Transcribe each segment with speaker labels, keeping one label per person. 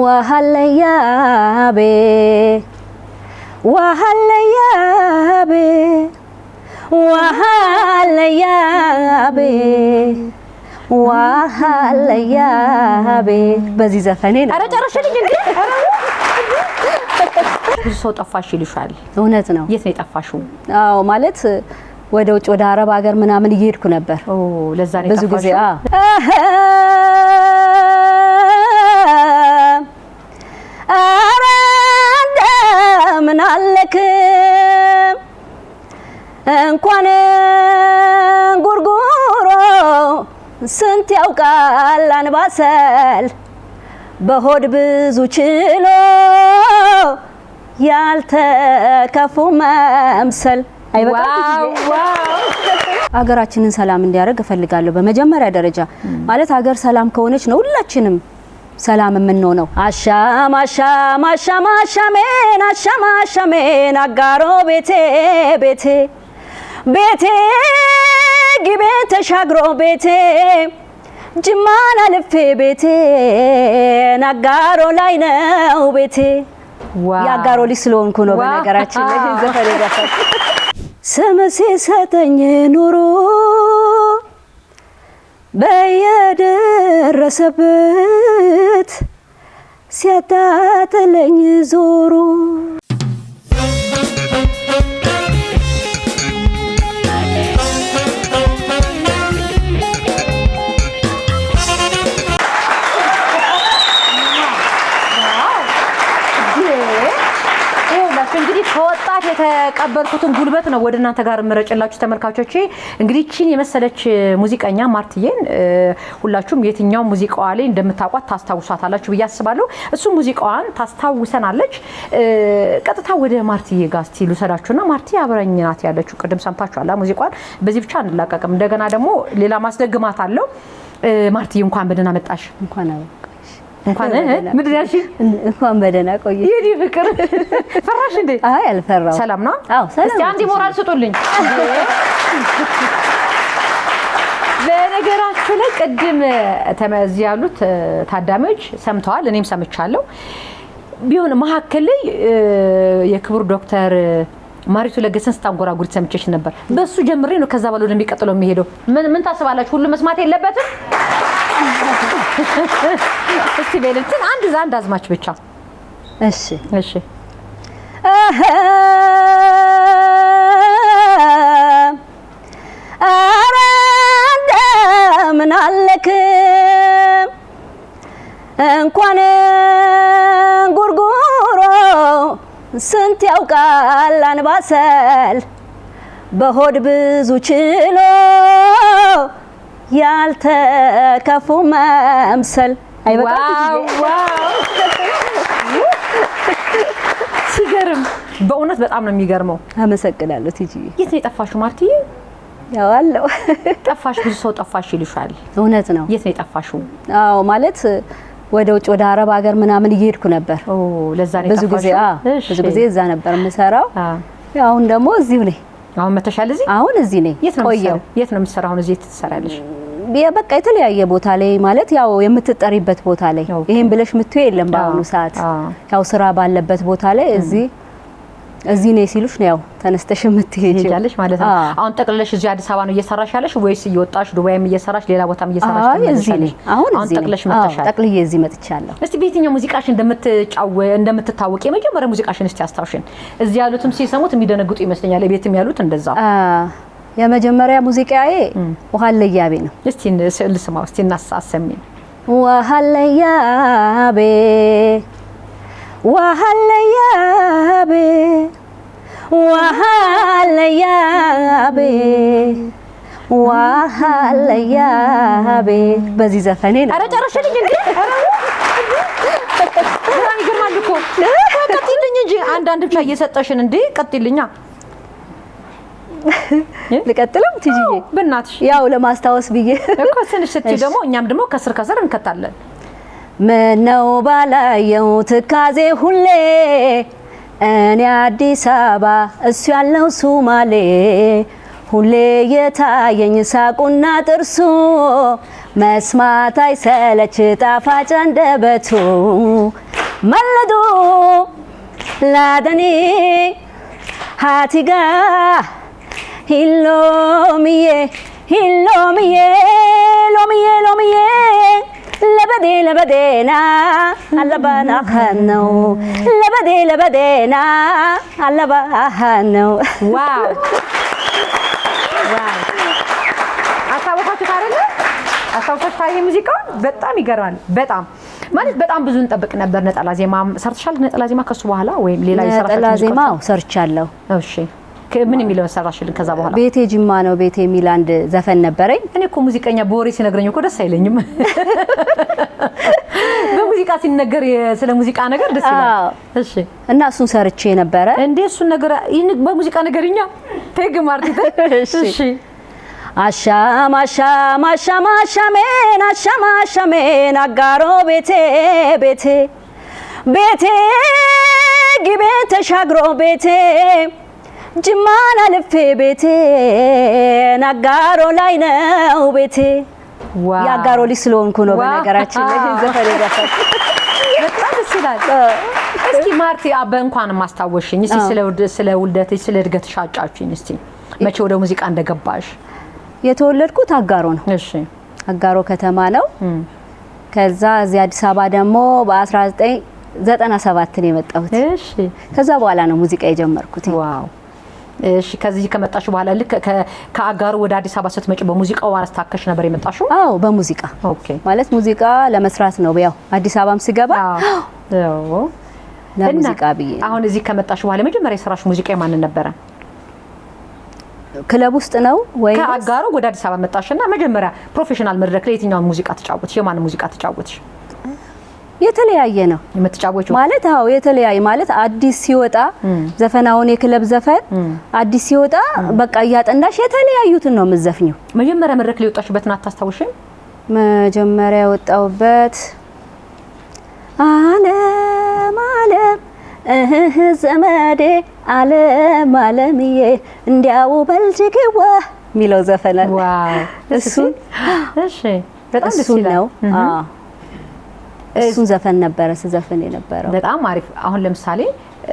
Speaker 1: ወሀለ ያቤ ወሀለ ያቤ በዚህ ዘፈኔ ነው። ኧረ ጨረሽልኝ እንዴ! ብዙ ሰው ጠፋሽ ይልሻል።
Speaker 2: እውነት ነው። የት
Speaker 1: ነው የጠፋሽው? አዎ ማለት ወደ ውጭ ወደ አረብ ሀገር ምናምን እየሄድኩ ነበር።
Speaker 2: ኦ ለዛ ነው ብዙ ጊዜ ኧረ እንደምን አለክ እንኳን ጉርጉሮ
Speaker 1: ስንት ያውቃል አንባሰል በሆድ ብዙ ችሎ ያልተከፉ መምሰል አገራችንን ሰላም እንዲያደርግ እፈልጋለሁ። በመጀመሪያ ደረጃ ማለት ሀገር ሰላም ከሆነች ነው ሁላችንም ሰላም የምንሆነው። አሻም አሻም አሻም አሻሜን አሻም አሻሜን አጋሮ ቤቴ ቤቴ ቤቴ ግቤን ተሻግሮ ቤቴ ጅማን አልፌ ቤቴ አጋሮ ላይ ነው ቤቴ። የአጋሮ ልጅ ስለሆንኩ ነው በነገራችን ላይ ዘፈን ስም ሲሰጠኝ ኑሮ
Speaker 2: በየደረሰበት ሲያጣጥለኝ ዞሮ እንግዲህ ከወጣት የተቀበልኩትን ጉልበት ነው ወደ እናንተ ጋር የምረጭላችሁ ተመልካቾቼ። እንግዲህ ቺን የመሰለች ሙዚቀኛ ማርትዬን ሁላችሁም የትኛው ሙዚቃዋ ላይ እንደምታውቋት ታስታውሷታላችሁ ብዬ አስባለሁ። እሱ ሙዚቃዋን ታስታውሰናለች። ቀጥታ ወደ ማርትዬ ጋር እስቲ ልውሰዳችሁና ማርትዬ አብረኝ ናት ያለችው ቅድም ሰምታችኋላ ሙዚቋን። በዚህ ብቻ አንላቀቅም። እንደገና ደግሞ ሌላ ማስደግማት አለው። ማርትዬ እንኳን በደህና መጣሽ። እንኳን እንኳን ያልሽ እንኳን በደህና ፍቅር ፈራሽ እንዴ?
Speaker 1: አይ አልፈራሁም። ሰላም ነው? አዎ ሰላም።
Speaker 2: አንዴ ሞራል ስጡልኝ። በነገራችሁ ላይ ቅድም ተመዚህ ያሉት ታዳሚዎች ሰምተዋል፣ እኔም ሰምቻለሁ። ቢሆን መሀከል ላይ የክቡር ዶክተር ማሪቱ ለገሰን ስታንጎራጉሪት ሰምቼሽ ነበር። በሱ ጀምሬ ነው ከዛ ባለ ወደሚቀጥለው የሚሄደው። ምን ምን ታስባላችሁ? ሁሉ መስማት የለበትም እስቲ በልትን አንድ ዛንድ አዝማች ብቻ። እሺ እሺ ኧረ እንደምን አለክ እንኳን ጉርጉሮ ስንት ያውቃል አንባሰል በሆድ ብዙ ችሎ ያልተከፉ መምሰል ሲገርም በእውነት በጣም ነው የሚገርመው።
Speaker 1: አመሰግናለሁ ቲጂ።
Speaker 2: የት ነው የጠፋሽው ማርትዬ? ያው አለው ጠፋሽ፣ ብዙ ሰው ጠፋሽ ይልሻል።
Speaker 1: እውነት ነው። የት ነው የጠፋሽው? አዎ ማለት ወደ ውጭ ወደ አረብ ሀገር ምናምን እየሄድኩ ነበር።
Speaker 2: ኦ ለዛ ነው ብዙ ጊዜ
Speaker 1: ብዙ ጊዜ እዛ ነበር የምሰራው። አሁን ደግሞ እዚሁ ነኝ።
Speaker 2: አሁን መተሻል እዚህ አሁን እዚህ ነኝ። ቆየሁ። የት ነው የምትሰራው? አሁን እዚህ የት ትሰራለሽ?
Speaker 1: በቃ የተለያየ ቦታ ላይ ማለት ያው የምትጠሪበት ቦታ ላይ ይሄን ብለሽ ምትዩ የለም። በአሁኑ ሰዓት ያው ስራ ባለበት ቦታ ላይ እዚህ እዚህ ነው ሲሉሽ ነው ያው ተነስተሽ የምትሄጃለሽ
Speaker 2: ማለት ነው። አሁን ጠቅልለሽ እዚህ አዲስ አበባ ነው እየሰራሽ ያለሽ ወይስ እየወጣሽ ዱባይም እየሰራሽ ሌላ ቦታም እየሰራሽ ነው አሁን አሁን ጠቅልለሽ መጥተሻል።
Speaker 1: ጠቅልዬ እዚህ መጥቻለሁ።
Speaker 2: እስቲ በየትኛው ሙዚቃሽ እንደምትጫወ እንደምትታወቂ የመጀመሪያ ሙዚቃሽን እስቲ አስታውሽን። እዚህ ያሉትም ሲሰሙት የሚደነግጡ ይመስለኛል። ቤትም ያሉት እንደዛ
Speaker 1: የመጀመሪያ ሙዚቃዬ ውሃ ለያቤ ነው።
Speaker 2: እስቲ ስዕል ስማ እስቲ እናሳሰሚ ውሃ ለያቤ ውሃ ለያቤ ውሃ ለያቤ ውሃ ለያቤ በዚህ ዘፈኔ ነው። ኧረ ጨረሽልኝ እንዴ! ይገርማል እኮ ቀጥይልኝ እንጂ አንዳንድ ብቻ እየሰጠሽን እንዴ! ቀጥይልኛ
Speaker 1: ልቀጥልም ትጂዬ በእናትሽ ያው ለማስታወስ ብዬ
Speaker 2: እኮ ትንሽ ስትይ ደግሞ እኛም ደግሞ ከስር ከስር እንከታለን። ምነው ባላየው ትካዜ ሁሌ እኔ አዲስ አበባ እሱ ያለው ሱማሌ ሁሌ የታየኝ ሳቁና ጥርሱ መስማት አይሰለች ጣፋጭ አንደበቱ መለዱ ላደኒ ሀቲጋ ሂሎ ምዬ ሂሎ ምዬ ሎምዬ ሎምዬ ለበዴ ለበዴና አለባን አኸን ነው ለበዴ ለበዴና አለባ አኸን ነው። ዋው አስታወሳችሁ አይደለ? አስታወሳችሁ ይሄ ሙዚቃ በጣም ይገርማል። በጣም ማለት በጣም ብዙ እንጠብቅ ነበር። ነጠላ ዜማ ሰርተሻል? ነጠላ ዜማ ከሱ በኋላ ወይም
Speaker 1: ሌላ የሰራሽ ነጠላ ዜማ ሰርቻለሁ።
Speaker 2: እሺ ምን የሚለው ሰራሽልን? ከዛ በኋላ
Speaker 1: ቤቴ ጅማ ነው ቤቴ የሚል አንድ ዘፈን ነበረኝ።
Speaker 2: እኔ እኮ ሙዚቀኛ በወሬ ሲነግረኝ እኮ ደስ አይለኝም። በሙዚቃ ሲነገር ስለ ሙዚቃ ነገር ደስ ይላል። እሺ።
Speaker 1: እና እሱን ሰርቼ ነበረ
Speaker 2: እንዴ? እሱን ነገር በሙዚቃ ነገርኛ ቴግ ማርቲት። እሺ አሻም አሻም አሻም አጋሮ ቤቴ ቤቴ ቤቴ ግቤን ተሻግሮ ቤቴ ጅማን አልፌ ቤቴ አጋሮ ላይ ነው ቤቴ። የአጋሮ ልጅ ስለሆንኩ ነው። በነገራችን ላይ ዘፈን እስኪ ማርቲ በእንኳን ማስታወሽኝ ስለ ውልደትሽ ስለ እድገትሽ አጫውችኝ እስቲ። መቼ ወደ ሙዚቃ እንደገባሽ?
Speaker 1: የተወለድኩት አጋሮ ነው። እሺ አጋሮ ከተማ ነው። ከዛ እዚህ አዲስ አበባ ደግሞ በ1997 ነው የመጣሁት። እሺ ከዛ በኋላ ነው ሙዚቃ የጀመርኩት።
Speaker 2: ዋው እሺ ከዚህ ከመጣሽ በኋላ ልክ ከአጋሩ ወደ አዲስ አበባ ስትመጪ በሙዚቃው አስታከሽ ነበር የመጣሽው?
Speaker 1: አዎ በሙዚቃ ኦኬ። ማለት ሙዚቃ ለመስራት ነው ያው አዲስ አበባም ስገባ ለሙዚቃ ብዬ።
Speaker 2: አሁን እዚህ ከመጣሽ በኋላ መጀመሪያ የሰራሽ ሙዚቃ የማንን ነበረ?
Speaker 1: ክለብ ውስጥ ነው ወይ?
Speaker 2: ከአጋሩ ወደ አዲስ አበባ መጣሽና መጀመሪያ ፕሮፌሽናል መድረክ ላይ የትኛውን ሙዚቃ ተጫወትሽ? የማንን ሙዚቃ ተጫወትሽ?
Speaker 1: የተለያየ ነው የምትጫወቹ ማለት አዎ፣ የተለያየ ማለት አዲስ ሲወጣ ዘፈናውን የክለብ ዘፈን አዲስ ሲወጣ በቃ እያጠናሽ የተለያዩትን ነው የምትዘፍኘው።
Speaker 2: መጀመሪያ መድረክ ላይ የወጣችሁበትን አታስታውሽም?
Speaker 1: መጀመሪያ የወጣሁበት አለም አለም እህ ዘመዴ አለም አለምዬ እንዲያው በልጅግዋ የሚለው ዘፈናል እሱ ይላል። አዎ እሱን ዘፈን ነበረ ስዘፍን የነበረው።
Speaker 2: በጣም አሪፍ። አሁን ለምሳሌ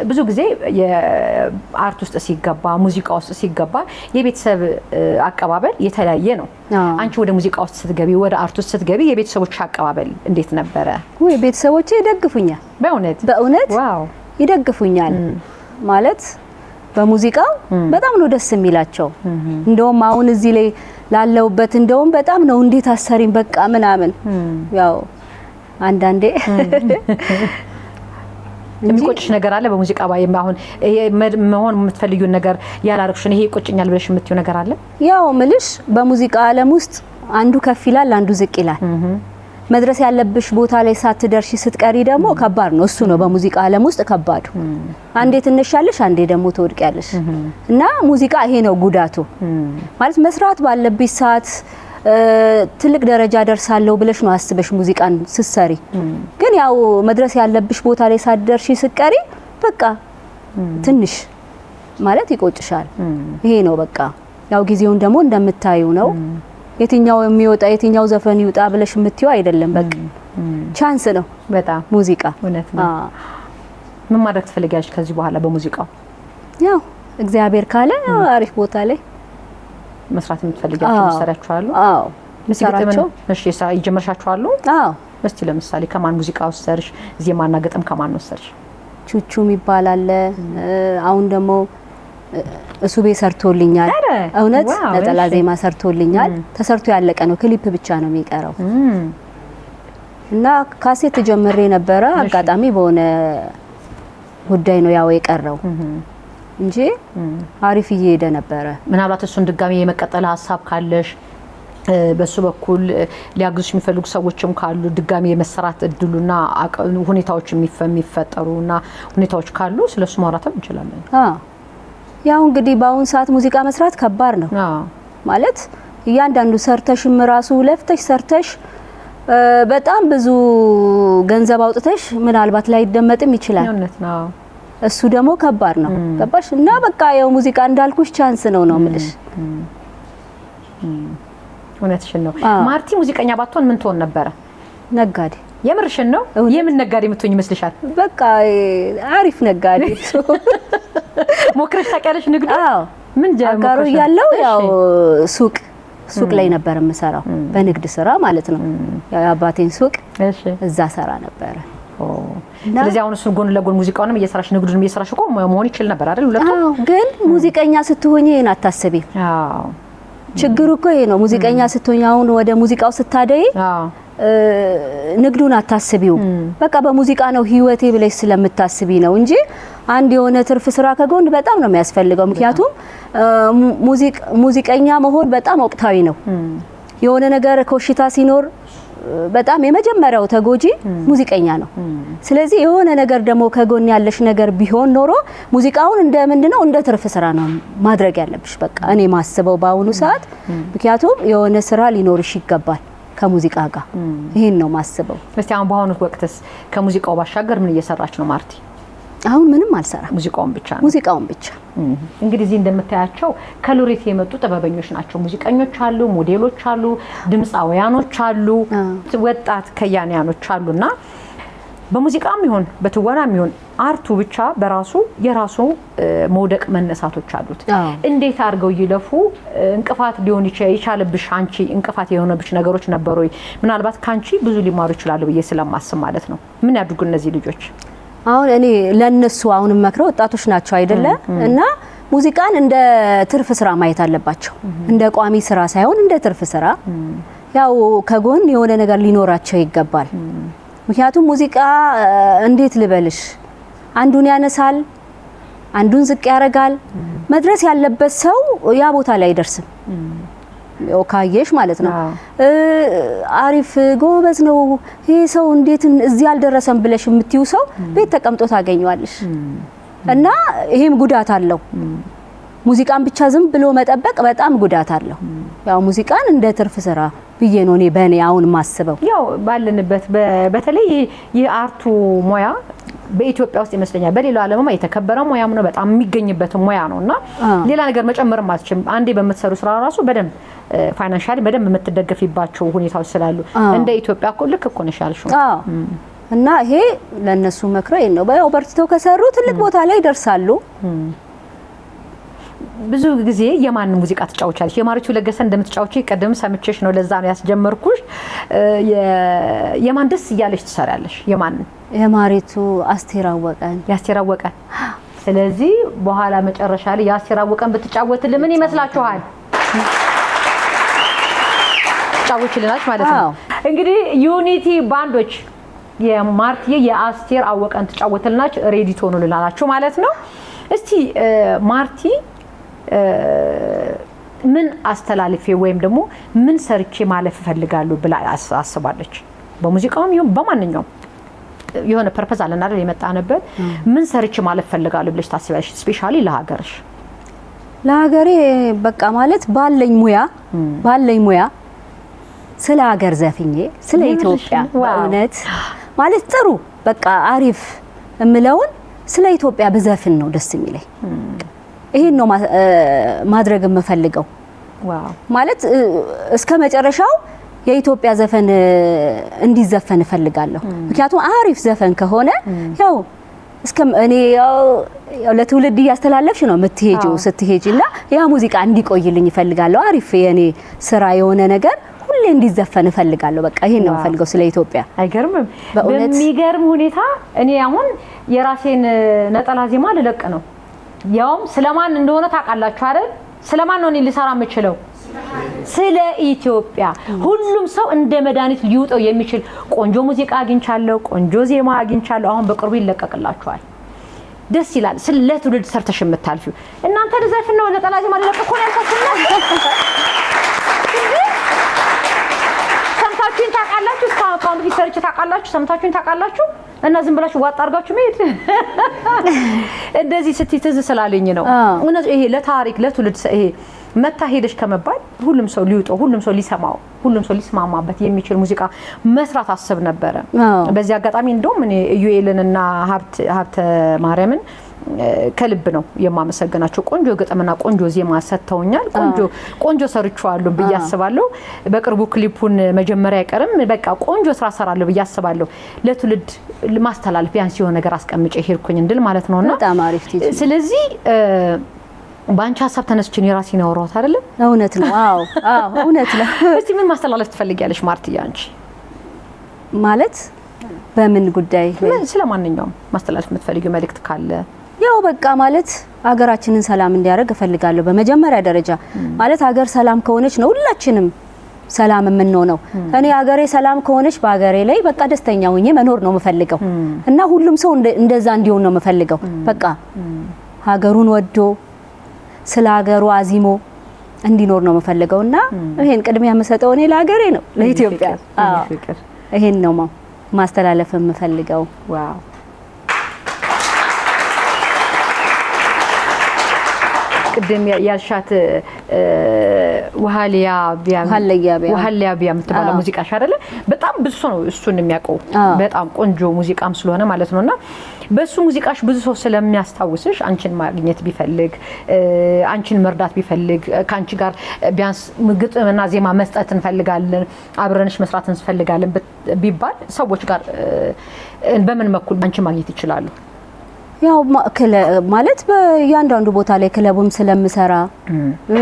Speaker 2: ብዙ ጊዜ የአርት ውስጥ ሲገባ ሙዚቃ ውስጥ ሲገባ የቤተሰብ አቀባበል የተለያየ ነው። አንቺ ወደ ሙዚቃ ውስጥ ስትገቢ፣ ወደ አርት ውስጥ ስትገቢ የቤተሰቦች አቀባበል እንዴት ነበረ?
Speaker 1: ወይ ቤተሰቦቼ ይደግፉኛል። በእውነት በእውነት ይደግፉኛል ማለት በሙዚቃ በጣም ነው ደስ የሚላቸው። እንደውም አሁን እዚህ ላይ ላለውበት እንደውም በጣም ነው እንዴት አሰሪም በቃ ምናምን ያው አንዳንዴ
Speaker 2: የሚቆጭሽ ነገር አለ በሙዚቃ ባይም አሁን መሆን የምትፈልጊውን ነገር ያላረግሽን ይሄ ይቆጭኛል ብለሽ የምትዩ ነገር አለ?
Speaker 1: ያው ምልሽ በሙዚቃ ዓለም ውስጥ አንዱ ከፍ ይላል፣ አንዱ ዝቅ ይላል። መድረስ ያለብሽ ቦታ ላይ ሳትደርሺ ስትቀሪ ደግሞ ከባድ ነው። እሱ ነው በሙዚቃ ዓለም ውስጥ ከባዱ። አንዴ ትነሻለሽ፣ አንዴ ደግሞ ትወድቂያለሽ እና ሙዚቃ ይሄ ነው ጉዳቱ ማለት መስራት ባለብሽ ሰዓት ትልቅ ደረጃ ደርሳለሁ ብለሽ ነው አስበሽ ሙዚቃን ስትሰሪ። ግን ያው መድረስ ያለብሽ ቦታ ላይ ሳትደርሺ ስትቀሪ በቃ ትንሽ ማለት ይቆጭሻል። ይሄ ነው በቃ ያው ጊዜውን ደግሞ እንደምታዩ ነው። የትኛው የሚወጣ የትኛው ዘፈን ይውጣ ብለሽ የምትዩ አይደለም። በቃ ቻንስ ነው በጣም ሙዚቃ። እውነት ነው።
Speaker 2: ምን ማድረግ ትፈልጊያለሽ ከዚህ በኋላ በሙዚቃው?
Speaker 1: ያው እግዚአብሔር ካለ አሪፍ ቦታ ላይ
Speaker 2: መስራት የምትፈልጋቸው መሳሪያቸው አሉ? አዎ እሺ የጀመርሻቸው አሉ? አዎ። እስቲ ለምሳሌ ከማን ሙዚቃ ወሰርሽ? ዜማና ግጥም ከማን ቹቹ
Speaker 1: ቹቹም አለ አሁን ደግሞ እሱቤ ሰርቶልኛል። እውነት ነጠላ ዜማ ሰርቶልኛል። ተሰርቶ ያለቀ ነው፣ ክሊፕ ብቻ ነው የሚቀረው። እና ካሴት ጀምሬ ነበረ። አጋጣሚ በሆነ ጉዳይ ነው ያው የቀረው እንጂ አሪፍ እየሄደ ነበረ።
Speaker 2: ምናልባት እሱን ድጋሚ የመቀጠል ሀሳብ ካለሽ በሱ በኩል ሊያግዙሽ የሚፈልጉ ሰዎችም ካሉ ድጋሚ የመሰራት እድሉና ሁኔታዎች የሚፈጠሩና ሁኔታዎች ካሉ ስለሱ ማውራትም እንችላለን።
Speaker 1: ያው እንግዲህ በአሁን ሰዓት ሙዚቃ መስራት ከባድ ነው ማለት እያንዳንዱ ሰርተሽም ራሱ ለፍተሽ ሰርተሽ በጣም ብዙ ገንዘብ አውጥተሽ ምናልባት ላይደመጥም ይችላል። እሱ ደግሞ ከባድ ነው ገባሽ? እና በቃ ያው ሙዚቃ እንዳልኩሽ ቻንስ ነው ነው የምልሽ።
Speaker 2: እውነትሽን ነው ማርቲ። ሙዚቀኛ ባትሆን ምን ትሆን ነበረ? ነጋዴ። የምርሽን ነው? የምን ነጋዴ የምትሆኝ ይመስልሻል?
Speaker 1: በቃ አሪፍ ነጋዴ
Speaker 2: ሞክረሽ ታውቂያለሽ? ንግዱ
Speaker 1: ምን ጀምሮ ያለው ያው ሱቅ ሱቅ ላይ ነበር የምሰራው፣ በንግድ ስራ ማለት ነው። ያው አባቴን ሱቅ እዛ ሰራ ነበረ።
Speaker 2: ስለዚህ አሁን እሱን ጎን ለጎን ሙዚቃውንም እየሰራሽ ንግዱንም እየሰራሽ እኮ መሆን ይችል ነበር አይደል? ሁለቱም
Speaker 1: ግን ሙዚቀኛ ስትሆኝ ይሄን አታስቢ። ችግሩ እኮ ይሄ ነው። ሙዚቀኛ ስትሆኝ አሁን ወደ ሙዚቃው ስታደይ ንግዱን አታስቢው። በቃ በሙዚቃ ነው ህይወቴ ብለሽ ስለምታስቢ ነው እንጂ አንድ የሆነ ትርፍ ስራ ከጎን በጣም ነው የሚያስፈልገው። ምክንያቱም ሙዚቀኛ መሆን በጣም ወቅታዊ ነው። የሆነ ነገር ኮሽታ ሲኖር በጣም የመጀመሪያው ተጎጂ ሙዚቀኛ ነው። ስለዚህ የሆነ ነገር ደግሞ ከጎን ያለሽ ነገር ቢሆን ኖሮ ሙዚቃውን እንደ ምንድነው እንደ ትርፍ ስራ ነው ማድረግ ያለብሽ። በቃ እኔ ማስበው በአሁኑ ሰዓት ምክንያቱም የሆነ ስራ ሊኖርሽ ይገባል ከሙዚቃ ጋር ይህን ነው ማስበው።
Speaker 2: እስቲ አሁን በአሁኑ ወቅትስ ከሙዚቃው ባሻገር ምን እየሰራች ነው ማርቲ?
Speaker 1: አሁን ምንም አልሰራ
Speaker 2: ሙዚቃውን ብቻ ነው ሙዚቃውን ብቻ። እንግዲህ እዚህ እንደምታያቸው ከሎሬት የመጡ ጥበበኞች ናቸው። ሙዚቀኞች አሉ፣ ሞዴሎች አሉ፣ ድምፃውያኖች አሉ፣ ወጣት ከያንያኖች አሉና በሙዚቃም ይሁን በትወናም ይሁን አርቱ ብቻ በራሱ የራሱ መውደቅ መነሳቶች አሉት። እንዴት አድርገው ይለፉ? እንቅፋት ሊሆን የቻለብሽ አንቺ እንቅፋት የሆነብሽ ነገሮች ነበሩ? ምናልባት ከአንቺ ብዙ ሊማሩ ይችላሉ ብዬ ስለማስብ ማለት ነው። ምን ያድርጉ እነዚህ ልጆች?
Speaker 1: አሁን እኔ ለነሱ አሁን መክረው ወጣቶች ናቸው አይደለ እና ሙዚቃን እንደ ትርፍ ስራ ማየት አለባቸው። እንደ ቋሚ ስራ ሳይሆን እንደ ትርፍ ስራ ያው ከጎን የሆነ ነገር ሊኖራቸው ይገባል። ምክንያቱም ሙዚቃ እንዴት ልበልሽ፣ አንዱን ያነሳል፣ አንዱን ዝቅ ያደርጋል። መድረስ ያለበት ሰው ያ ቦታ ላይ አይደርስም። ካየሽ ማለት ነው አሪፍ ጎበዝ ነው ይህ ሰው እንዴት እዚህ አልደረሰም ብለሽ የምትዩ ሰው ቤት ተቀምጦ ታገኘዋለሽ። እና ይሄም ጉዳት አለው። ሙዚቃን ብቻ ዝም ብሎ መጠበቅ በጣም ጉዳት አለው። ያው ሙዚቃን እንደ ትርፍ ስራ ብዬ ነው እኔ በእኔ አሁን ማስበው።
Speaker 2: ያው ባለንበት በተለይ የአርቱ ሙያ በኢትዮጵያ ውስጥ ይመስለኛል በሌላው ዓለምማ የተከበረ ሙያም ነው። በጣም የሚገኝበት ሙያ ነው እና ሌላ ነገር መጨመርም አልችም። አንዴ በምትሰሩ ስራ ራሱ በደንብ ፋይናንሻሊ በደንብ የምትደገፊባቸው ሁኔታዎች ስላሉ እንደ ኢትዮጵያ እኮ ልክ እኮ ነሽ ያልሽው
Speaker 1: እና ይሄ ለእነሱ መክረኝ ነው። በርትተው ከሰሩ ትልቅ ቦታ ላይ ይደርሳሉ።
Speaker 2: ብዙ ጊዜ የማን ሙዚቃ ትጫወቻለሽ? የማሪቹ ለገሰ እንደምትጫወቺ ቀደም ሰምቼሽ ነው፣ ለዛ ነው ያስጀመርኩሽ። የማን ደስ እያለች ትሰሪያለሽ? የማን
Speaker 1: የማሪቱ አስቴር አወቀን፣
Speaker 2: የአስቴር አወቀን። ስለዚህ በኋላ መጨረሻ ላይ የአስቴር አወቀን ብትጫወትልን ምን ይመስላችኋል? ትጫወችልናች ማለት ነው። እንግዲህ ዩኒቲ ባንዶች የማርትዬ የአስቴር አወቀን ትጫወትልናች። ሬዲ ትሆኑልናላችሁ ማለት ነው። እስቲ ማርቲ ምን አስተላልፌ ወይም ደግሞ ምን ሰርቼ ማለፍ እፈልጋለሁ ብላ አስባለች። በሙዚቃውም ይሁን በማንኛውም የሆነ ፐርፐዝ አለን አይደል? የመጣንበት ምን ሰርቼ ማለፍ እፈልጋለሁ ብለሽ ታስቢያለሽ? ስፔሻሊ ለሀገርሽ
Speaker 1: ለሀገሬ በቃ ማለት ባለኝ ሙያ ባለኝ ሙያ ስለ ሀገር ዘፍኜ ስለ ኢትዮጵያ በእውነት ማለት ጥሩ በቃ አሪፍ የምለውን ስለ ኢትዮጵያ ብዘፍን ነው ደስ የሚለኝ። ይሄን ነው ማድረግ የምፈልገው ማለት እስከ መጨረሻው የኢትዮጵያ ዘፈን እንዲዘፈን እፈልጋለሁ። ምክንያቱም አሪፍ ዘፈን ከሆነ ያው እስከ እኔ ያው ለትውልድ እያስተላለፍሽ ነው የምትሄጂው ስትሄጂ እና ያ ሙዚቃ እንዲቆይልኝ እፈልጋለሁ። አሪፍ የኔ ስራ የሆነ ነገር ሁሌ እንዲዘፈን እፈልጋለሁ። በቃ ይሄን ነው የምፈልገው ስለ ኢትዮጵያ።
Speaker 2: አይገርምም? በሚገርም ሁኔታ እኔ አሁን የራሴን ነጠላ ዜማ ልለቅ ነው ያውም ስለማን እንደሆነ ታውቃላችሁ አይደል? ስለማን ነው እኔ ልሰራ የምችለው? ስለ ኢትዮጵያ። ሁሉም ሰው እንደ መድኃኒት ሊውጠው የሚችል ቆንጆ ሙዚቃ አግኝቻለሁ፣ ቆንጆ ዜማ አግኝቻለሁ። አሁን በቅርቡ ይለቀቅላችኋል። ደስ ይላል። ለትውልድ ሰርተሽ የምታልፊው እናንተ ደዘፍን ነው ነጠላ ዜማ ነው ያልኳችሁ። አይታችሁኝ ታውቃላችሁ? እስካሁን ፊት ታውቃላችሁ? ሰምታችሁኝ ታውቃላችሁ? እና ዝም ብላችሁ ዋጣ አድርጋችሁ መሄድ እንደዚህ ስትይ ትዝ ስላለኝ ነው። እውነት ይሄ ለታሪክ ለትውልድ ይሄ መታ ሄደች ከመባል ሁሉም ሰው ሊውጠው፣ ሁሉም ሰው ሊሰማው፣ ሁሉም ሰው ሊስማማበት የሚችል ሙዚቃ መስራት አስብ ነበረ። በዚህ አጋጣሚ እንደውም እኔ ኢዩኤልንና ሀብተ ማርያምን ከልብ ነው የማመሰግናቸው። ቆንጆ ግጥምና ቆንጆ ዜማ ሰጥተውኛል። ቆንጆ ቆንጆ ሰርቻለሁ ብዬ አስባለሁ። በቅርቡ ክሊፑን መጀመሪያ አይቀርም። በቃ ቆንጆ ስራ ሰራለሁ ብዬ አስባለሁ። ለትውልድ ማስተላለፍ ቢያንስ የሆነ ነገር አስቀምጬ ሄድኩኝ እንድል ማለት ነውና ስለዚህ በአንቺ ሀሳብ ተነስችን የራሴን ያወራሁት አይደለም።
Speaker 1: እውነት ነው። አዎ አዎ እውነት ነው።
Speaker 2: እስቲ ምን ማስተላለፍ ትፈልጊያለሽ ማርትዬ? አንቺ
Speaker 1: ማለት በምን ጉዳይ
Speaker 2: ስለማንኛውም ማስተላለፍ የምትፈልጊው መልእክት ካለ
Speaker 1: ያው በቃ ማለት ሀገራችንን ሰላም እንዲያደርግ እፈልጋለሁ። በመጀመሪያ ደረጃ ማለት ሀገር ሰላም ከሆነች ነው ሁላችንም ሰላም የምንሆነው። እኔ ሀገሬ ሰላም ከሆነች በሀገሬ ላይ በቃ ደስተኛ ሆኜ መኖር ነው የምፈልገው እና ሁሉም ሰው እንደዛ እንዲሆን ነው የምፈልገው። በቃ ሀገሩን ወዶ ስለ ሀገሩ አዚሞ እንዲኖር ነው የምፈልገው እና ይሄን ቅድሚያ የምሰጠው እኔ ለሀገሬ ነው ለኢትዮጵያ። ይሄን ነው ማስተላለፍ የምፈልገው።
Speaker 2: ቅድም ያልሻት ውሃሊያ
Speaker 1: ቢያ
Speaker 2: የምትባለው ሙዚቃሽ አይደለ? በጣም ብዙ ሰው ነው እሱን የሚያውቀው በጣም ቆንጆ ሙዚቃም ስለሆነ ማለት ነው። እና በእሱ ሙዚቃሽ ብዙ ሰው ስለሚያስታውስሽ አንቺን ማግኘት ቢፈልግ አንቺን መርዳት ቢፈልግ ከአንቺ ጋር ቢያንስ ግጥምና ዜማ መስጠት እንፈልጋለን፣ አብረንሽ መስራት እንፈልጋለን ቢባል ሰዎች ጋር በምን በኩል አንቺ ማግኘት ይችላሉ?
Speaker 1: ያው ማለት በእያንዳንዱ ቦታ ላይ ክለቡም ስለምሰራ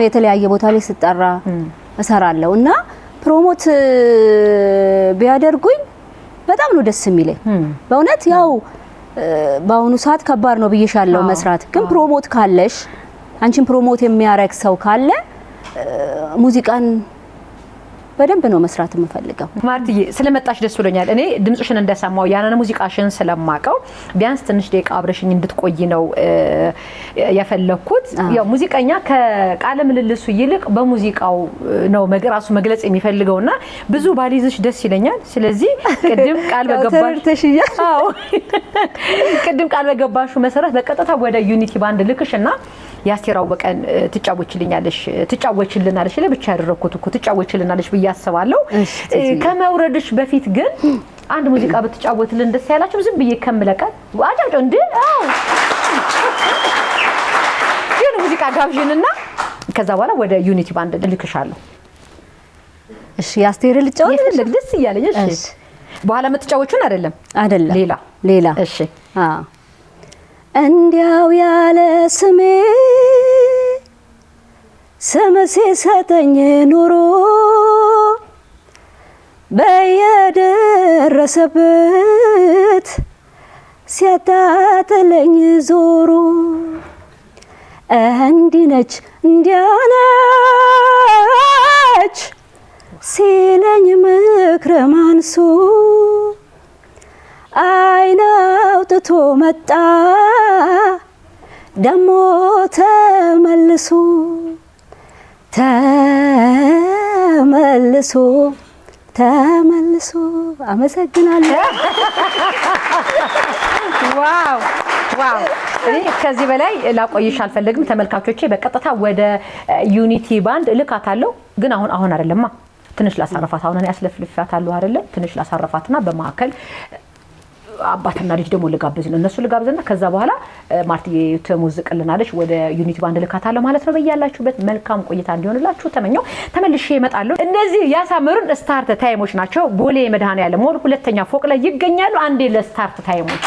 Speaker 1: የተለያየ ቦታ ላይ ስጠራ እሰራለሁ እና ፕሮሞት ቢያደርጉኝ በጣም ነው ደስ የሚለኝ በእውነት ያው በአሁኑ ሰዓት ከባድ ነው ብዬሻለሁ መስራት ግን ፕሮሞት ካለሽ አንቺን ፕሮሞት የሚያረግ ሰው ካለ ሙዚቃን በደንብ ነው መስራት የምፈልገው።
Speaker 2: ማርትዬ ስለመጣሽ ደስ ብሎኛል። እኔ ድምፅሽን እንደሰማው ያንን ሙዚቃሽን ስለማቀው ቢያንስ ትንሽ ደቂቃ አብረሽኝ እንድትቆይ ነው የፈለግኩት። ያው ሙዚቀኛ ከቃለ ምልልሱ ይልቅ በሙዚቃው ነው ራሱ መግለጽ የሚፈልገው እና ብዙ ባሊዝሽ ደስ ይለኛል። ስለዚህ ቅድም ቃል በገባሽ ቅድም ቃል በገባሹ መሰረት በቀጥታ ወደ ዩኒቲ ባንድ ልክሽ እና የአስቴር አወቀን ትጫወችልኛለሽ ትጫወችልናለሽ ለብቻ ያደረግኩት እኮ ትጫወችልናለሽ ብዬ አስባለሁ። ከመውረድሽ በፊት ግን አንድ ሙዚቃ ብትጫወትልን ደስ ያላችሁ ዝም ብዬ ከምለቀቅ አጫጭ እንዲ ግን ሙዚቃ ጋብዥንና ከዛ በኋላ ወደ ዩኒቲ ባንድ ልክሻለሁ።
Speaker 1: እሺ የአስቴር ልጫወት ልክ ደስ እያለኝ። እሺ
Speaker 2: በኋላ የምትጫወቹን አይደለም አይደለም ሌላ
Speaker 1: ሌላ። እሺ አዎ እንዲያው ያለ ስሜ ስም ሲሰጠኝ ኑሮ በየደረሰበት ሲያጣጥለኝ ዞሮ እንዲነች እንዲያነች
Speaker 2: ሲለኝ ምክረ ማንሱ አይናው አውጥቶ መጣ ደሞ ተመልሶ ተመልሶ ተመልሶ። አመሰግናለሁ። ዋው ዋው እኔ ከዚህ በላይ ላቆይሽ አልፈልግም። ተመልካቾቼ በቀጥታ ወደ ዩኒቲ ባንድ ልካታለሁ፣ ግን አሁን አሁን አይደለማ ትንሽ ላሳረፋት። አሁን እኔ አስለፍልፋታለሁ አይደለም፣ ትንሽ ላሳረፋትና በመካከል አባትና ልጅ ደግሞ ልጋብዝ ነው። እነሱ ልጋብዝና ከዛ በኋላ ማርት ትሞዝቅልናለች። ወደ ዩኒቲ ባንድ ልካታለሁ ማለት ነው። በያላችሁበት መልካም ቆይታ እንዲሆንላችሁ ተመኘው። ተመልሼ እመጣለሁ። እነዚህ ያሳምሩን ስታርት ታይሞች ናቸው። ቦሌ መድኃኔዓለም ሞል ሁለተኛ ፎቅ ላይ ይገኛሉ። አንዴ ለስታርት ታይሞች